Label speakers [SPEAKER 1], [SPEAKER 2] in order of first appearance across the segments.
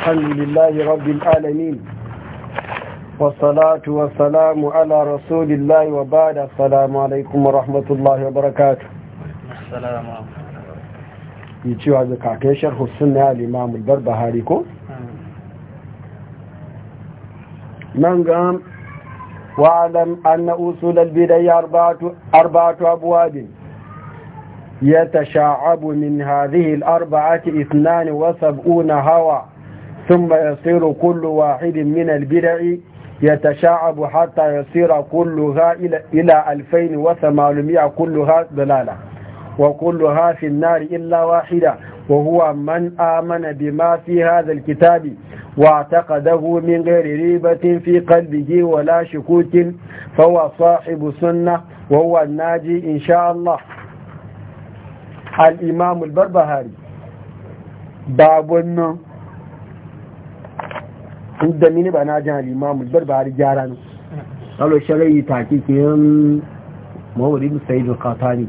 [SPEAKER 1] الحمد لله رب العالمين والصلاة والسلام على رسول الله وبعد السلام عليكم ورحمة الله وبركاته السلام عليكم هذا كاكي شرح السنة الإمام البربهاري من قام أن أصول البداية أربعة, أبواب يتشعب من هذه الأربعة اثنان وسبعون ثم يصير كل واحد من البدع يتشعب حتى يصير كلها إلى 2800 كلها ضلالة وكلها في النار إلا واحدة وهو من آمن بما في هذا الكتاب واعتقده من غير ريبة في قلبه ولا شكوك فهو صاحب سنة وهو الناجي إن شاء الله الإمام البربهاري باب النوم da mini ba na jan al'imamu bar ba har gyara ne alo shari'i ta kike yin mawuri musayid al-qatani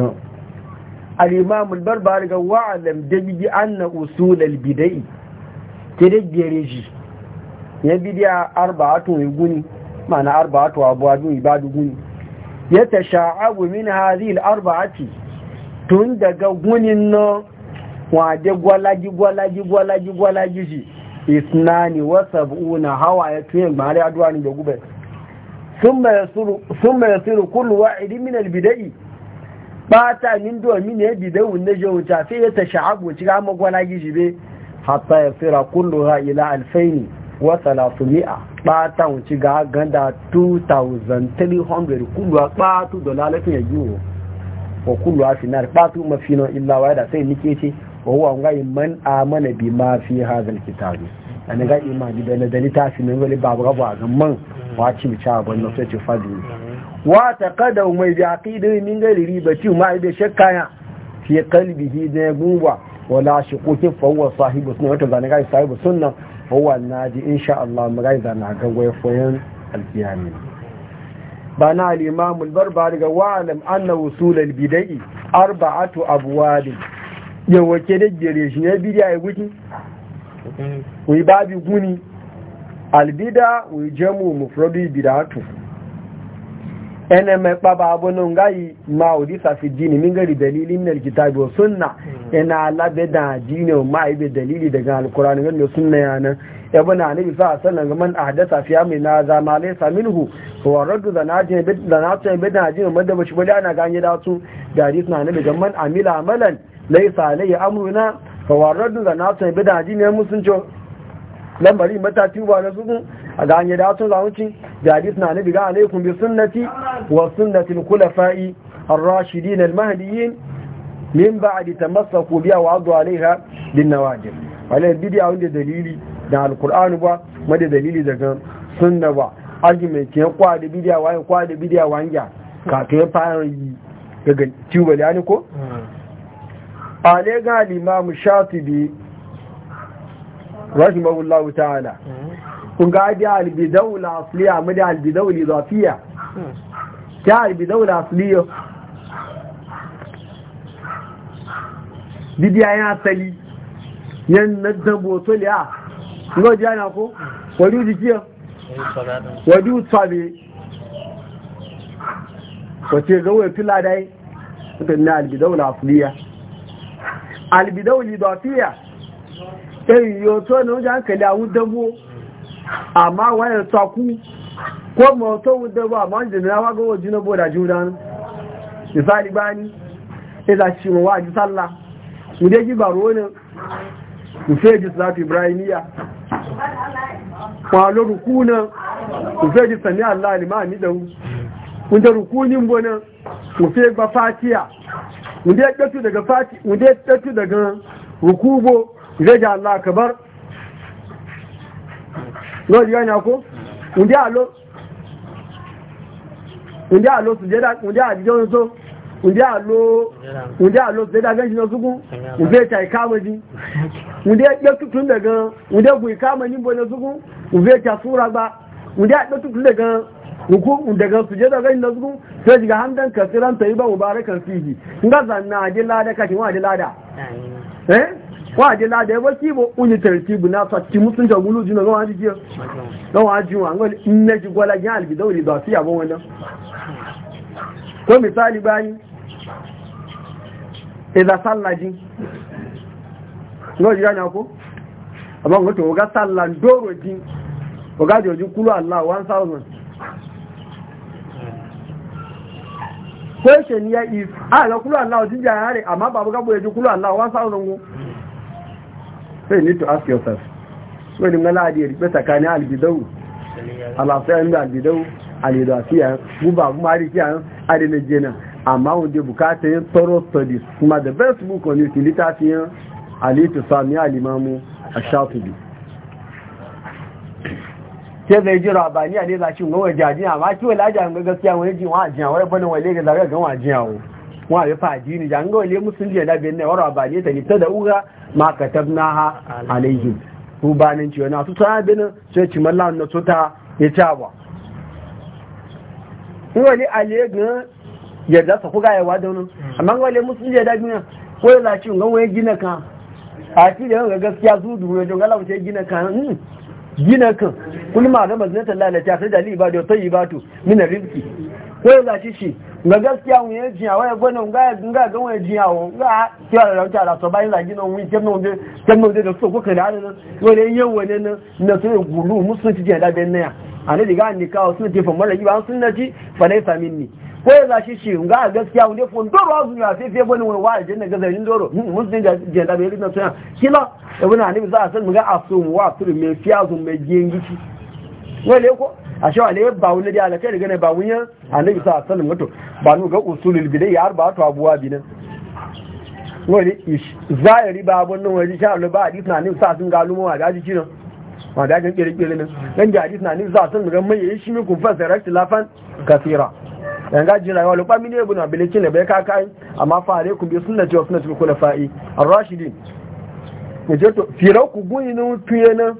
[SPEAKER 1] no al-imam al-barbari ga wa'alam dabiji anna usul al-bidai kede gereji ya bidiya arba'atun guni mana arba'atu ba ibadu guni ya tasha'abu min hadhihi al tun daga gunin nan waje gwalaji gwalaji gwalaji gwalaji ji isnani wa sab'una hawa ya tuye mare addu'a ne da gube summa yasiru summa yasiru kullu wa'idin min al-bida'i ta min domin ne bida'u ne je wuta sai ya tashabu ci ga ma gwalaji ji be hatta yasira ha ila alfaini wa salasumi'a bata wuci ga ganda 2300 kullu batu dalalafin yajiwo wa kullu afinar batu mafino illa wa da sai nike ce wa huwa man amana bi ma fi hadhal kitabi an ga imani da da litafi ne wani babu rabu a gamman wa ci mi cha ban sai ci fadi wa taqada mai bi aqida min gari ribati ma bi shakkaya fi qalbihi da gumba wala shiquki fa huwa sahibu sunna wato zan ga sahibu sunna huwa naji insha Allah mu ga zan ga goyen foyen alkiyami ba na al-imam al-barbari ga wa'lam anna wusul bidai arba'atu yawace da gere shi ne bidiya ya guji wai babi guni albida wai jamu mufrodu bidatu ene mai kpaba abunan gayi ma odisa fi dini min gari dalilin na alkitabi wa sunna ina hmm. labe da dini ma ibe dalili daga alkurani wanda sunna yana yabu na nabi sa sallan ga man ahdasa fi amina za ma laysa minhu wa raddu da na bid da najin bid najin madda bashi bada ana ganye da su da hadis na nabi ga man amila amalan laisa alayhi amruna fa waradu da na san bi da ji ne musun jo lambari matati ba na su a ga ne da tun zaunci da hadis na ne ga alaikum bi sunnati wa sunnati al-khulafa'i ar-rashidin al-mahdiyyin min ba'di tamassaku biha wa adu alayha bin nawajib wala bidiya wanda dalili da al-qur'an ba ma da dalili daga sunna ba argument ke kwa da bidiya wa kwa da bidiya wanga ka kai fara yi daga tubali ne ko ale ga limamu shatibi rahimahullahu ta'ala hmm. kun ga abi albidau la asliya mu da albidau li zafiya ta hmm. albidau la asliya bidiya ya asali yan nadda botoliya ah. ngo jana ko hmm. wadu dikiya wadu tsabe wace ga wai fila dai na albidau la asliya albidau lidafiya eh yo to no jan kale awu dabo amma waya taku ko ma mo to wu dabo amma je na wa go jina boda judan misali bani ila shi mo wa ji sallah mu de ji baro ne mu fe ji salatu ibrahimiya kwalo rukuna mu fe ji sami allah limani da mu kun da rukunin bonan mu fe ba fatiya wanda ya ɗatu daga fati ya daga gaji Allah so su shi na suku wanda ya cai kama ji ya ɗatu tun daga wanda ya gui kama nimbo na ya ca sura ba ya tun daga hukum daga sujada da inda su sai diga hamdan kasiran tayyiban mubarakan fihi nga zanna ajilla da kashi wa ajilla da eh wa ajilla da ba ki bo unyi tartibu na ta ci mutun da gulu jina ga wani jiya da wa jiwa ngol inna ji gola ya albi dawli da fiya bon wannan ko misali bani idan sallaji ngol ji ganya ko amma ngoto ga sallan doro ji ga joji kulu allah 1000 question ya if a ga kulu Allah jin jare amma babu gabo ya ji kulu Allah 1000 go so you need to ask yourself so ni ngala di ribe takani albidau ala sai inda albidau alidasiya guba kuma rikiya adina jena amma wanda bukata yin thorough studies kuma the best book on it litafin alitu sami alimamu ash sai zai ji rabani a ne za shi gawa jaji amma ki wala ja ga gaskiya wani ji wa jiya wani bane wale ga zaga gan wa jiya wo wa ya fa ji ni jan ga wale musun je da bin ne wa rabani ta ni ta da uga ma katabna ha alaihi rubanin ci wani su ta bin sai ci mallan na tuta ya ta ba wale ale ga ya da su kuga ya wa da wani amma wale musun je da bin ko la ci gawa gina ka a ti da ga gaskiya su duro don ga lawo gina ka hmm. gina kan kulma ga mazinatan ta sai dali ibadu tayyibatu min rizki ko za shi shi ga gaskiya mun ya jiya waya gwana ga ga ga waya jiya wo ga kiwa da rauta da to bayan za gina mu kem no de kem no de da so ko kana da wani yau wani na na so gulu musulunci da ben ne ana diga ni kawo sun ce fa mara yi ba sunnati fa sami minni ko ya zashi shi ga a gaskiya wani fun doro azu ya fi fiye wani wa aljanna ga zarin doro musulun hmm, da da bai rikin suna kila ibn hannun za a san mu ga asu wa turu mai fiyazu mai gengici wale ko a shi wale ba wani da alakai da gane ba wani a sanin mutu ba nu ga usulul bidai ya arba ta abuwa binan zahiri ba abun nan wani na sa sun ga a daji ga nan dan ga na mai kasira yanga jin rayuwa lupa mini ibn abiliki ne bai kaka amma fa alaikum bi sunnati wa na khulafa'i mm. ar-rashidin yaje to firau ku guyinu na.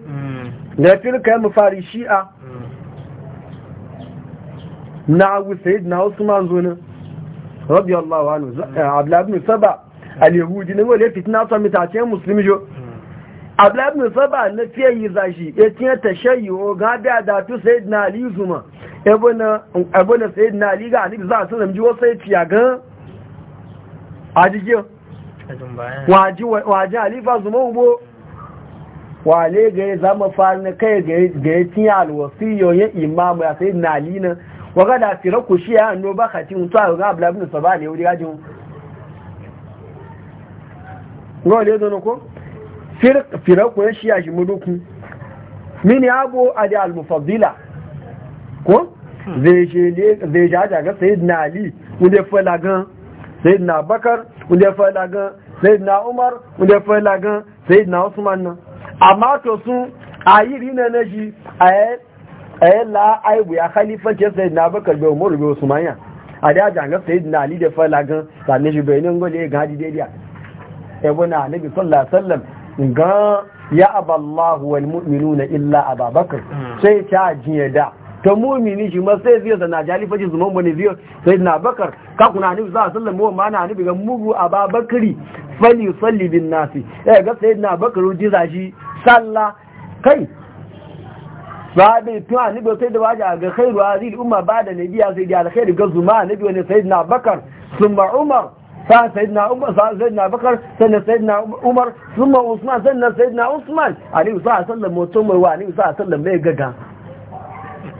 [SPEAKER 1] ne firka mu fari shi'a mm. na abu sayyidina usman zuna radiyallahu anhu mm. eh, abdullah ibn saba al-yahudi ne wale fitna ta mitace muslimi jo abdullah ibn saba ne fiye yi zashi etin tashayyuo ga da da tu sayyidina ali zuma ebona sayid na aliga a nufi za a sanar jiwo sai ciya gan ajiyar waje halifa zuma ugbo wale ga ya zama fara na kai ga ya tiya alwasiyo ya imamu ya sayid na alina waga da fira ku shi ya hannu ba kati mutu a ga ablabin sa ba ne wuri gajin ruwa ne zo ko fira ku ya shi ya shi muduku mini abu a da almufaddila ko hmm. zai jaja ga na ali wunde fela gan na bakar wunde fela gan na umar wunde fela gan na usman nan amma to sun ayiri na na ji a yi aibu ya sayid na bakar bai umaru bai usman ya a da jaja ga na ali da fela gan ne shi bai nan gole ga hadi daidai ebe na nabi sallallahu alaihi wasallam ga ya aballahu wal mu'minuna illa ababakar hmm. sai ta jiya da ta mumini shi ma sai zai zana jali fashi zuman wani zai sai na bakar kakuna hannu za a sallama wa na hannu bigan mugu a ba bakari fali salli bin nasi ya eh, ga sai na bakar ruji za shi salla kai ba bai tun hannu bai sai da waje ga khairu azil umma ba da nabiya sai da alkhairu ga zuma nabi wani sai na bakar ba umar sa sayyidina umar sa sayyidina bakar sanna sayyidina umar ma usman sanna sayyidina usman ali sa sallallahu alaihi wa sallam mai gaga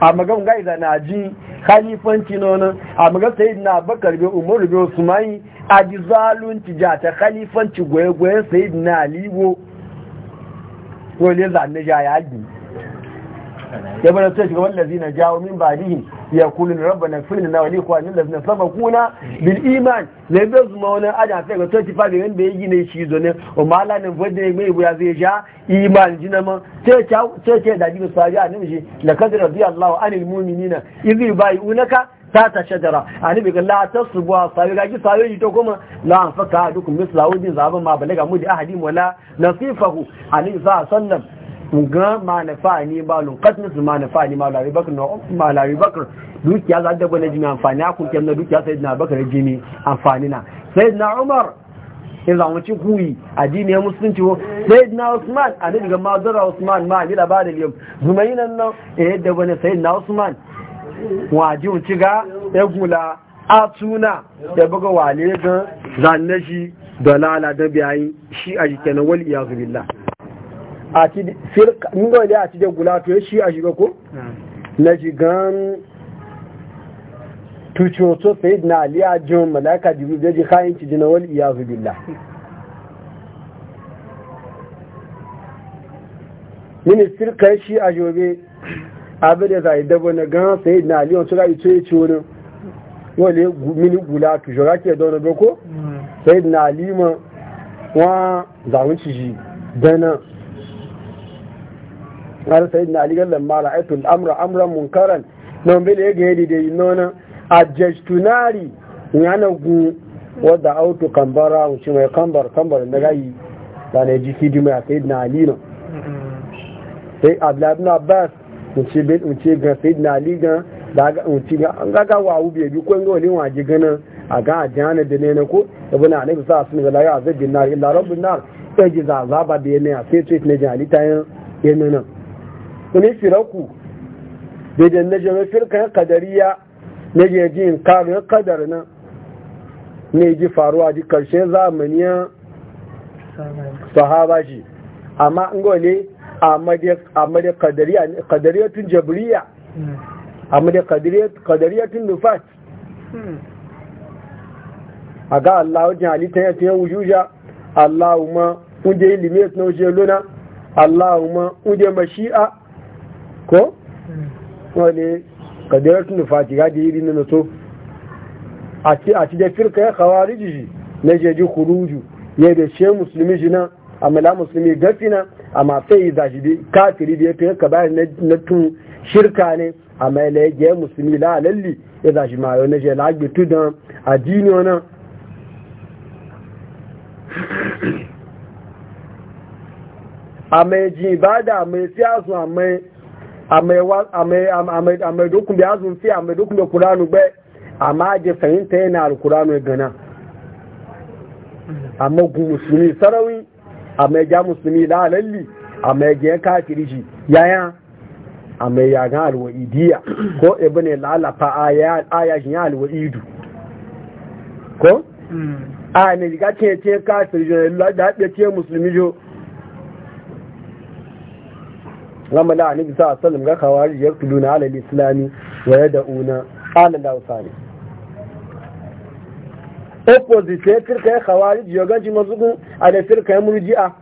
[SPEAKER 1] a magan gaiza na ji khalifanci nonon a magan sayid na bakar bai umaru bai usmani a ji zalunci ja ta khalifanci gwaye-gwaye sayid na libo ya yagi ya bada sai shiga wanda zina jawo min ba dihin ya kuli ni rabba na firin na wani kwanin da suna sama kuna bil iman na ibe zuma wani aji a fiye ga 25 yin da ya gina shi zo ne o ma ne vodin ya mai ya zai sha iman ji na ma ce ce da jibin sa ji a nimshi da kan da rabbi allahu an ilmumi nina izi bayi unaka ta ta shajara a ni bigan latar su buwa sayi gaji sayi yi ta kuma la saka faka dukkan misla wajen zaben ma balaga mu da ahadi mola na sifahu a ni sa sallam ga ma ne ba lo qatnis ma ne malawi ma la ribakar na ma la ribakar dukiya za ta bane jimi amfani a kun na dukiya na bakar jimi amfani na na umar in zamanci kuyi addini ya musulunci ko na usman a ne daga mazara usman ma ni labarin yau zumayi nan nan eh, yadda bane na usman wajen ciga ya gula a tuna ya buga wale ga zanne shi dalala da biyayi shi a jikin na wal iyazu àti fírkà nígbà ilé àti jẹ gùlá shi a ṣí ko? Hmm. na ṣìgán tuci wato sayid na aliya jin malaka jibril da ji kayan ci jina wal iyazu billah ministir kai shi a jobe abin da zai dabo na gan sayid na aliya wato rai ce ce wani wale Min gula tu shora ke da wani boko sayid na alima wa zamun ci dana har sai na ali gallan ma ra'aytu al-amra amran munkaran non bele ga yadi de nona ajjtunari yana gu wadda auto kambara wuce mai kambar kambar da yi. da ne jiki di mai sai na ali no sai abdullah ibn abbas wuce bin wuce ga sai na ali ga daga wuce ga an ga ga wawu be bi ko ga wani waje gana. a ga ajana da ne na ko ibn annabi sa sun ga la ya azabin nar illa rabbun nar sai ji za azaba da ne a sai sai ne jali tayin yana nan wani firaku da janna jami firkan kadariya na jeji in karin kadar nan ne ji faruwa ji karshen zamaniyar sahaba shi amma an gole amma da kadariyatun jabriya amma da kadariyatun nufat a ga Allah wajen halittar yata ya wujuja Allahumma kunje ilimi suna wuce luna Allahumma kunje mashi'a ko wani kadirar tun fati yi iri na nato a ci da firka ya kawari jiji na jeji kuruju ya da ce musulmi jina a mala musulmi gafina a mafi yi zashi kafiri da ya fi yaka bayan na tun shirka ne a mai lege musulmi la lalli ya zashi mayo na je lagitu don addini wana a mai ji ba da mai siyasu a mai a mai dokun da yazun fi a mai dokun da kuranu bai amma je fahimta yana alkuranu ya gana amma gu musulmi sarawi a mai ja musulmi da halalli a mai ga kafiri shi yaya a mai yagan alwa'idiya ko ne lalafa ayashin ya alwa'idu ko a ne riga ce ce kafiri jo da haɗe ce musulmi jo gama da annabi sa sallam ga kawari ya kudu na alal islami wa ya ala alal hausani opposite ya firka ya kawari ya ganci masu a da firka ya murji'a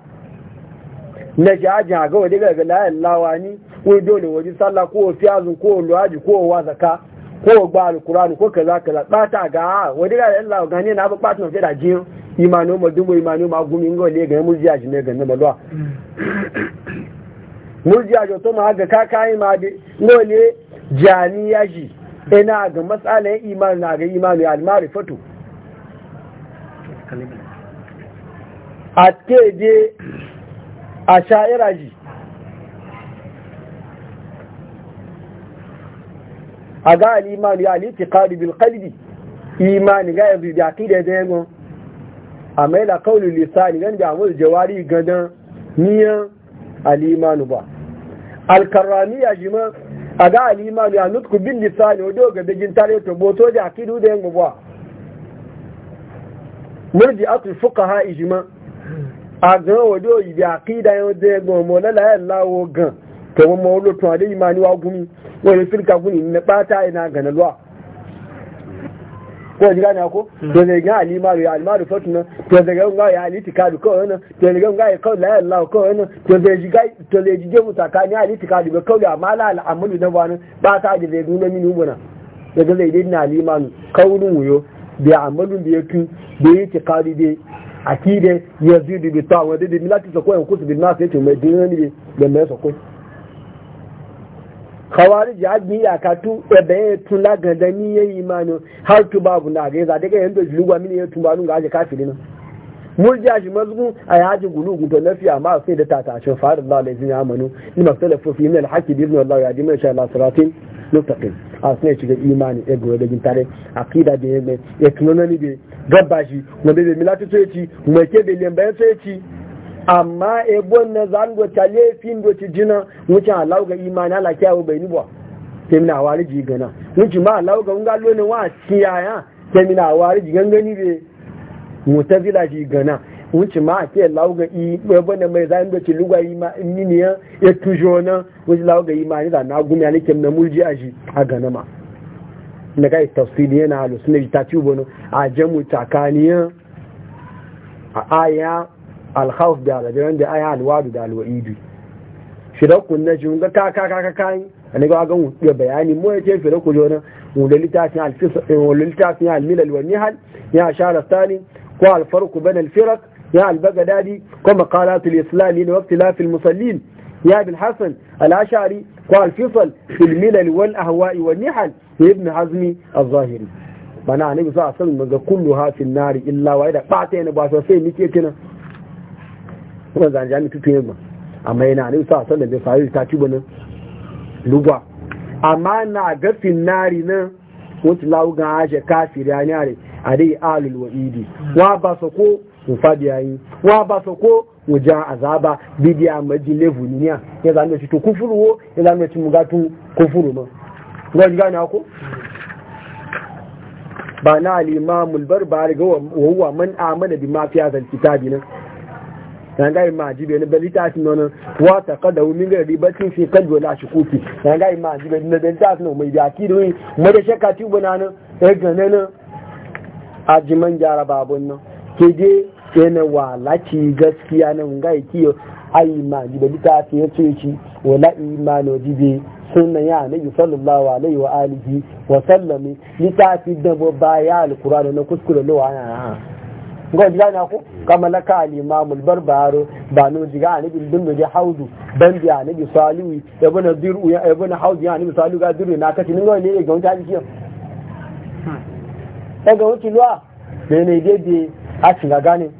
[SPEAKER 1] na jaji a ga wadda ga layan lawani ko dole waje sallah ko fiyazun ko luwaji ko wazaka ko gba alkurani ko kaza kaza bata ga wadda ga layan lawani ne na ba bata na da jiyan imanu ma dumbo imanu ma gumi ngo le ga murji'a shi ne ga na malwa mm. murjiya da to ma ga kakayi ma de ngole jani yaji ina ga ya iman na ga imani almari marifatu a teje a sha'ira ji a ga al'imani ya liti ƙaribin ƙalbi imani ga yanzu da ake da yanzu a maila kaunin lissani gan da amur jawari gadan niyan al'imanu ba alkarramiya ya jima a ga alima ya nutku bin lissani wajen ga bigin tare to boto da kidu da yin gubuwa murji tu fuka ha ishi ma a gan wajen yi da kida yin wajen ya gan mola la lawo gan to mamma mo lo tun imani wa gumi wani filka guni na bata ina ganalwa ko ji gane ko hmm. to ne ga alimaru ya alimaru fatuna to ne ga ga ya alitikadu ko na to ne ga ga ya kawai ya Allah ko na to ne ji ga to ne ji mu takani alitikadu ba kawai amma al al'amalu da wani ba ta ji zai nuna mini ubuna daga zai dai na alimaru kaurin wuyo bi amalun bi yakin bi itikadi bi akide yazidu bi tawadidi milati sokwa yankusu bi nasu yace mai dinani bi da mai sokwa kawari ya bi ya ka tu ebe ya tula gada ni ya yi har tu babu na ga za daga yanda jiluwa mini ya tumba nun ga aje kafiri nan murja shi mazgu a yaji gulugu to lafiya ma sai da tatashin fara Allah la izini amanu ni maktalafu fi min al-haqqi bi izni Allah ya di mai sha Allah siratin mustaqim a sai shiga imani ya e gore da gintare aqida da ne ya e tunani da gabbashi wanda da milatu to yaci mai ke da to amma ebon na zan go ta lefin go ci jina wuce Allah ga imani Allah kiyawo bai ni ba sai mina wari ji gana wuce ma Allah ga unga ne wa tiyaya sai mina wari ji gangani be mutazila ji gana wuce ma ke Allah ga i ebon na mai zan go ci lugwa ni ne ya e tujo na wuce Allah ga imani da na gumi ne kem na mulji a a gana ma na kai tafsiri yana halu suna ta ci bono a jamu tsakaniya a aya alkhawf da alajiran da aya alwadu da alwa'idu shirakun na shi ga kaka kaka kayan a ne ga gan ya bayani mu ya ce firaku jona wanda littafin alfisa almilal wa nihal ya shara stani ko alfarku bane alfirak ya albagadadi ko maqalatul islami na waktilafil musallin يا ابن الحسن الأشعري والفصل في الملل والأهواء والنحل ابن حزم الظاهري mana ne bisa san maga kullu hafin nari illa wa ida bata yana ba so sai nike kina kuma zan jami tutu yamma amma yana ne sa san da bai faru ta ci bana lugwa amma na gafin nari nan wata laugan ashe kafir ya ne a dai alul wa'idi wa ba sa ko mu fadi yayi wa ba sa ko mu ja azaba bidiya majile vuniya ya zan da to kufuru wo ya zan da mu gatu kufuru ma ga ji gane ko ba na al-imam al-barbari ga wa huwa man amana bima fi hadha al-kitabi nan yi ma jibe na balita su nono wata kada min ga ba cin fi kan jola shi kuki rangayi ma jibe na balita su nono mai biyaki da wani mai da shakka ci bana nan ya gane nan ajiman gyara babun nan ke je yana walaci gaskiya nan ga kiyo ayi ma jibe lita su ya ce ci wala imano jibe sunna ya nabi sallallahu alaihi wa alihi wa sallami lita fi dabo baya alkur'ani na kuskure lawa ga jiga na ko mm. kama laka al-imam al-barbaro ba no jiga ani bil dun je haudu ban bi ani bi salu ya bana diru ya bana haudu ya ani bi salu ga diru na kati ningo ne ga wata jiya hmm. e ga wuti luwa ne ne de bi a tinga gane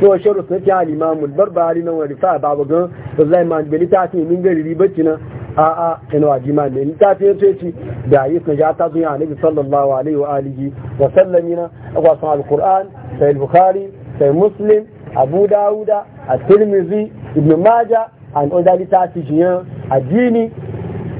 [SPEAKER 1] so ah. sharu ta al-imam al-barbari nan wa rifa babu ga zai man bin ta ce min gari ribacci na a'a ina wa jima ne ta ce ce ci da hadisi ya ta zuwa annabi sallallahu alaihi wa alihi wa sallamina wa sa alquran sai bukhari sai muslim abu dawuda at-tirmidhi ibn Maja, an oda li ta ci jiyan addini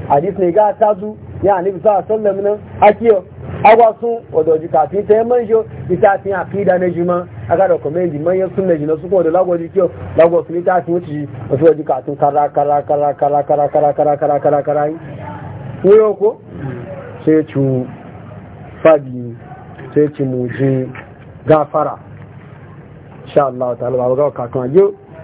[SPEAKER 1] hadisi ne ga ta zu ya annabi sallallahu alaihi wa sallamina akiyo agwasun odoji kafin ta yi jo ita tin aqida na jima aka da kuma yanzu manyan sunna jina su kuma da lagos kyau lagos ne ta fi wuce da wasu waje katun kara kara kara kara kara kara kara kara kara kara yi wuro ko sai ci fagi sai ci muji gafara sha Allah ta'ala ba ga katun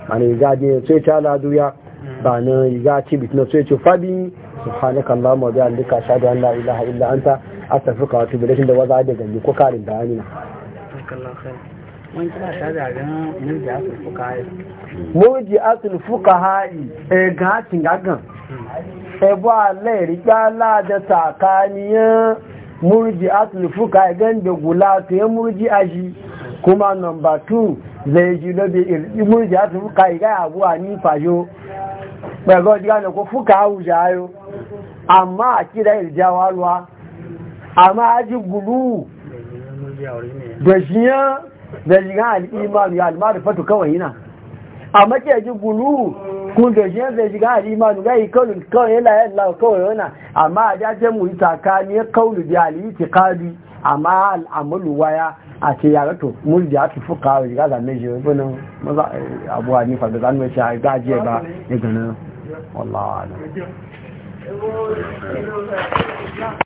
[SPEAKER 1] a ana ga je sai ta la duya ba na ga ci bitin sai ci fagi subhanakallahumma wa bihamdika ashhadu an la ilaha illa anta astaghfiruka wa atubu ilayk da waza da gani ko karin bayani na mújì asìlùfúkà ha ẹ̀gá àti gàgàn ẹ̀bọ́ alẹ́ ìrìgbá aládẹta kàníyàn mújì asìlùfúkà ẹ̀gẹ́ndẹ̀gù láti yẹn mújì aṣí kuma nọmbà 2 zẹ̀ẹ́jì lọ́bí mújì asìlùfúkà ìgáyàwó àní fàyó pẹ̀gọ́ ìdígbàna kó fúkà áwùjá ayó àmá àkídà ìrìjáwá lọ́wọ́ àmá ají gùlù dẹ̀ṣíyàn da jiga al'imanu ya almarifatu kawai yana a make ji gulu kun da shi zai shiga al'imanu ga yi kaulun kawai yana yana kawai yana amma a jaje mu yi takani kaulu da al'iti kadi amma al'amalu waya a ce ya rato mun da ta fuka wa zane shi wani maza abuwa ni da zanuwa shi a gajiya ba ya ganin wallawa